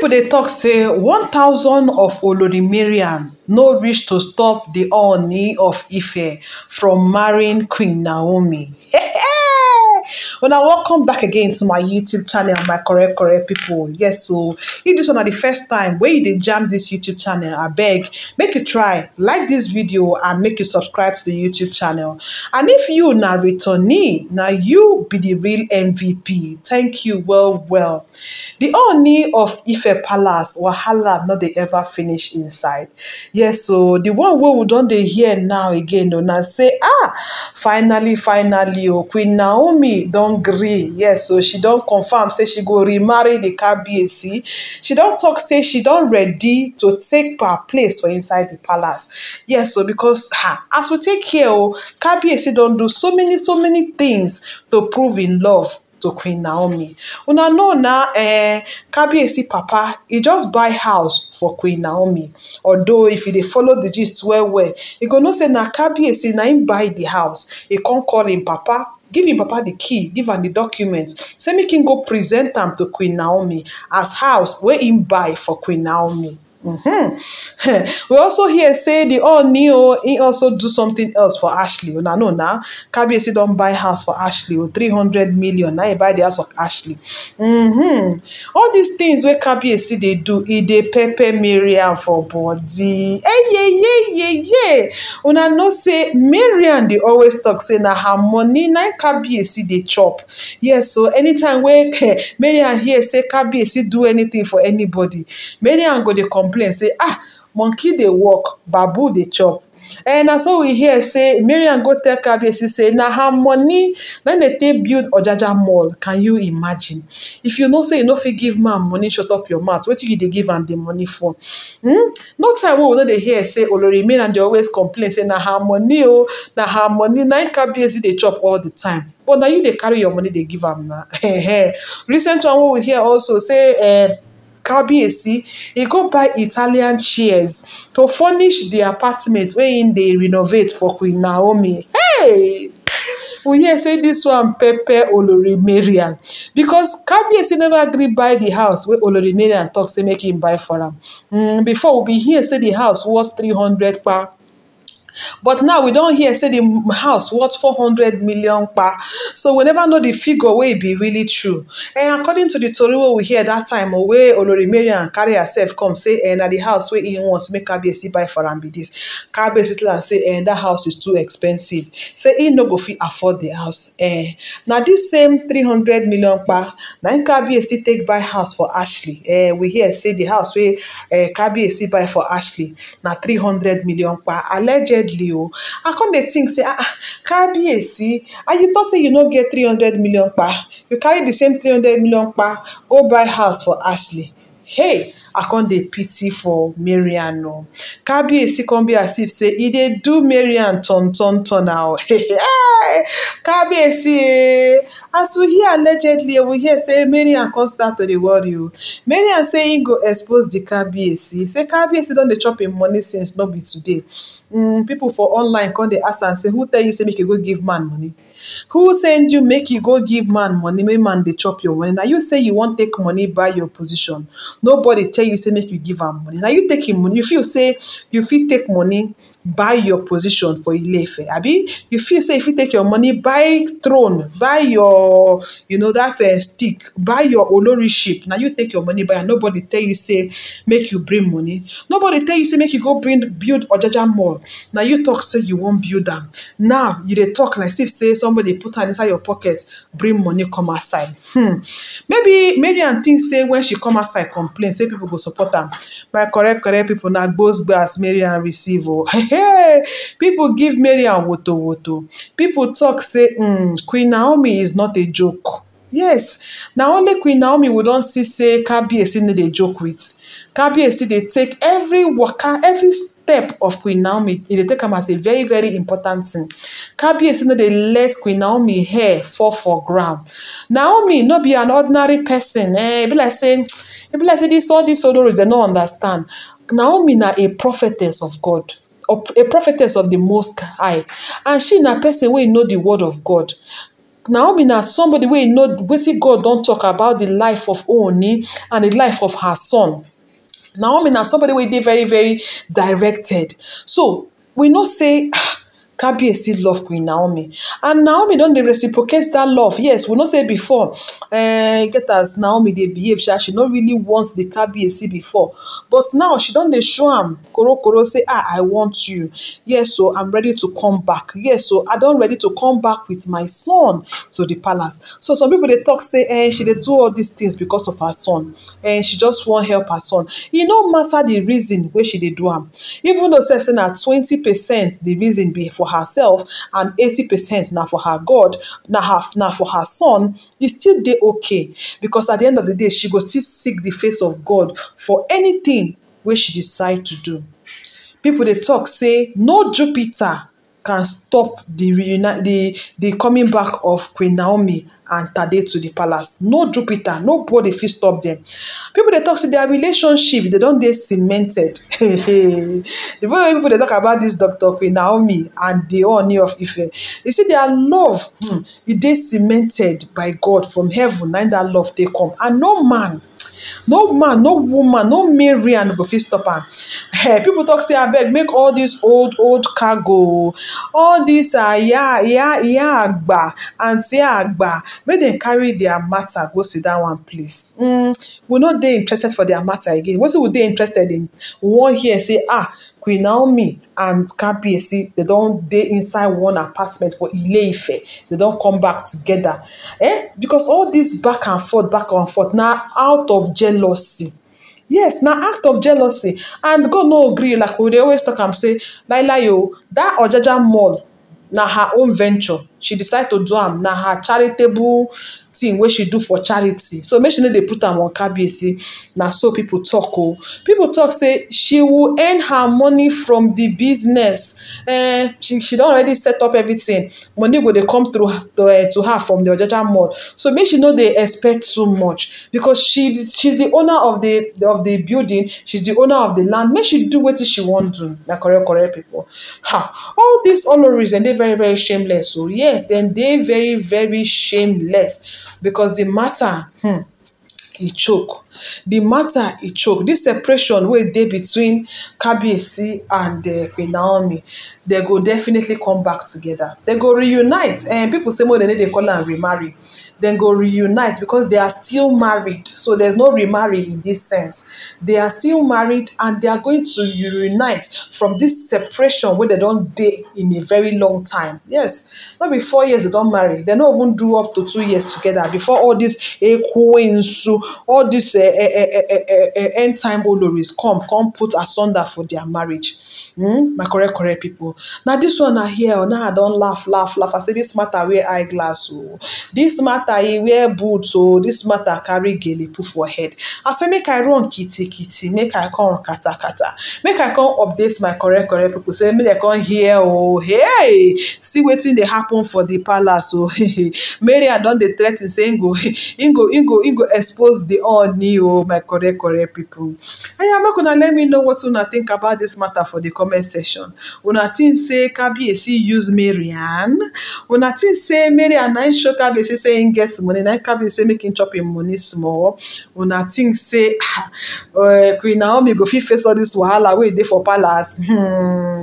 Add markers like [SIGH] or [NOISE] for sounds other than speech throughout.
People they talk say 1000 of olodimarian no reach to stop the ooni of ife from marrying queen naomi Well, now welcome back again to my YouTube channel, my correct correct people. Yes, so if this one are the first time where you did jam this YouTube channel, I beg, make you try, like this video and make you subscribe to the YouTube channel. And if you now returnee, now you be the real MVP. Thank you, well, well. The only of Ife Palace, Wahala, not they ever finish inside. Yes, so the one where we don't they hear now again, oh, and say, ah, finally, finally, oh, Queen Naomi don't yes so she don't confirm say she go remarry di kbac she don't talk. say she don't ready to take her place for inside the palace yes so because as we take here o oh, kbac don do so many so many things to prove in love to queen naomi una know na eh papa he just buy house for queen naomi although if he follow the gist well well he go know say na kabiyesi na him buy the house He can't call him papa give him papa the key give am the documents. say make him go present am to queen naomi as house wey him buy for queen naomi Hmm. [LAUGHS] we also hear say the oni new he also do something else for ashley una know na kabiyesi don buy house for ashley o oh, three hundred million Now he buy the house for ashley Hmm. all these things where kabiyesi they do e dey pepper Miriam for body eyeyeyeye eh, una know say Miriam. They always talk say na her money na kabiyesi dey chop yes so anytime wey [LAUGHS] mariam here say kabiyesi do anything for anybody mariam go dey come complain say ah monkey dey work babu dey chop and eh, na so we hear say mariam go tell kabiyesi say na her money na dey take build ojaja mall can you imagine if you know say you no fit give man money shut up your mouth wetin you dey give am the money for hmm? no time wey we no dey hear say olori mariam dey always complain say na her money oh na her money na kabiyesi dey chop all the time but na you dey carry your money dey give am na [LAUGHS] recent one wey we hear also say. Uh, Kabiyesi, e go buy Italian chairs to furnish the apartment wey im dey renovate for Queen Naomi. Hey! we hear say dis one Pepe olori because kabiyesi never gree buy di house wey olori mariam tok say make im buy for am hmm, before we bin hear say di house worth three hundred kpa but now we don hear say di house worth four hundred million kpa so we never know the figure where it be really true and eh, according to the tori we hear that time wey olori and carry herself come say eh, and at the house where im wants make kabiyesi buy for am be dis kabiyesi tell am say dat eh, house is too expensive say he no go fit afford the house Now this same three hundred million kpa Now im take buy house for ashley we hear say the house wey kabiyesi buy for ashley Now three hundred million kpa allegedly Oh. i come dey think say ah Are ah, ah, you thought say you no get 300 million pa, you carry di same 300 million pa go buy house for Ashley hey i con de pity for marian o kabiyesi con be as if say he dey do marian turn turn turn o [LAUGHS] kabiyesi as we hear allegedly we hear say marian con start to dey worry o marian say im go expose di kabiyesi say kabiyesi don de chop im money since not be today hmm, people for online come dey ask and say who tell you say make you go give man money who send you make you go give man money make man de chop your money Now you say you won't take money by your position nobody tell you you say make you give am money na you take him money you feel say you fit take money buy your position for ilefe abi you feel say you fit take your money buy throne buy your you know that uh, stick buy your oloriship na you take your money buy nobody tell you say make you bring money nobody tell you say make you go bring build ojaja mall na you talk say you wan build am now you dey talk like if say somebody put hand inside your pocket bring money come outside hmm maybe mariam think say when she come outside complain say people go support am my correct correct pipo na gbos gbas marian receive o oh. people pipo give marian woto woto People talk say um queen naomi is not a joke yes na only queen naomi we don see say kabiyesi no dey joke with kabiyesi dey take every waka every step of queen naomi e dey take am as a very very important thing kabiyesi say no dey let queen naomi hair fall for ground naomi no be an ordinary person eh, e be like say e be like say this all dis old dem no understand naomi na a prophetess of god a prophetess of the most high and she na person wey know the word of god naomi na somebody wey know wetin god don talk about the life of oni and the life of her son. Naomi now somebody will be very very directed so we know say ah, kabiyesi love queen naomi and naomi don dey reciprocate that love yes we know say before eh, get as naomi dey behave sha she no really want the kabiyesi before but now she don dey show am korokoro say ah i want you yes so i i'm ready to come back yes so I don ready to come back with my son to the palace so some people dey talk say eh she dey do all these things because of her son and eh, she just want help her son e no matter the reason wey she dey do am even though sef say na twenty percent the reason be for herself and 80% now for her God, now her, now for her son, is still they okay. Because at the end of the day, she will still seek the face of God for anything where she decide to do. People they talk say, no Jupiter can stop the, reuni- the, the coming back of Queen Naomi and Tade to the palace. No Jupiter, nobody fit stop them. People they talk to their relationship, they don't they cemented. [LAUGHS] the way people they talk about this Dr. Queen Naomi and the Oni of Ife, you see their love, hmm, it e they cemented by God from heaven, and that love they come. And no man no man no woman no marian go fit stop am eh, people talk say abeg make all dis old old cargo all dis iya ah, agba aunty agba make dem carry their matter go sit down one place mm, we no dey interested for their matter again wetin we dey interested in we wan hear say ah queen naomi and kabiyesi dem don dey inside one apartment for ile-ife dem don come back together eh because all this back and forth back and forth na out of jealousy yes na act of jealousy and god no gree like we dey always talk am say lailai o oh, That ojaja mall na her own venture she decide to do am na her charitable thing wey she do for charity so make she no dey put am on kabiyesi na so people talk o oh. people talk say she will earn her money from the business eh she she don already set up everything money go dey come through to, uh, to her from the ojaja mall so make she no dey expect too much because she she's the owner of the of the building she's the owner of the land make she do wetin she wan do na correct correct people ha all these honorees dem dey very very shameless o oh. yes dem dey very very shameless because the matter hmm, e choke the matter he choke this separation where they between K B C and uh, queen naomi they go definitely come back together they go reunite and eh, people say more than they call and remarry then go reunite because they are still married. So there's no remarry in this sense. They are still married and they are going to reunite from this separation where they don't date in a very long time. Yes, not four years they don't marry. They don't even do up to two years together before all this ekwensu, all this uh, uh, uh, end time oloris come, come put asunder for their marriage. Mm? My correct, correct people. Now this one I hear, oh, now I don't laugh, laugh, laugh. I say this matter wear eyeglass. Oh. This matter after e wear boot o this matter carry gele put for head i say make i run kitikiti make i come katakata make i come update my correct correct people. say make dem come hear o oh, hey see wetin dey happen for the palace o oh, [LAUGHS] maryam don dey threa ten say im go go go expose di honey o oh, my correct correct pipo anya make una let me know what una think about this matter for the comment section una think say kabiyesi use maryam una think say Marian na im show kabiyesi say im get get money na kabir say make him chop him money small una think say [SIGHS] uh, queen naomi go fit face all this wahala wey dey for palace hmm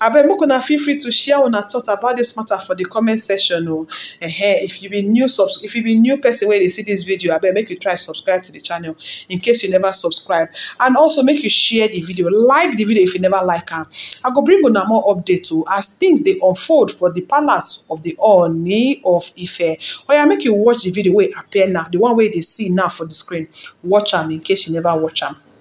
abeg make una feel free to share una thought about this matter for the comment section o -huh. if you be new subs, if you be new person wey dey see this video abeg make you try subscribe to the channel in case you never subscribe and also make you share the video like the video if you never like am i go bring una more update o oh, as things dey unfold for the palace of the Ooni of Ife oya make you watch the video wey appear now the one wey you dey see now for the screen watch am in case you never watch am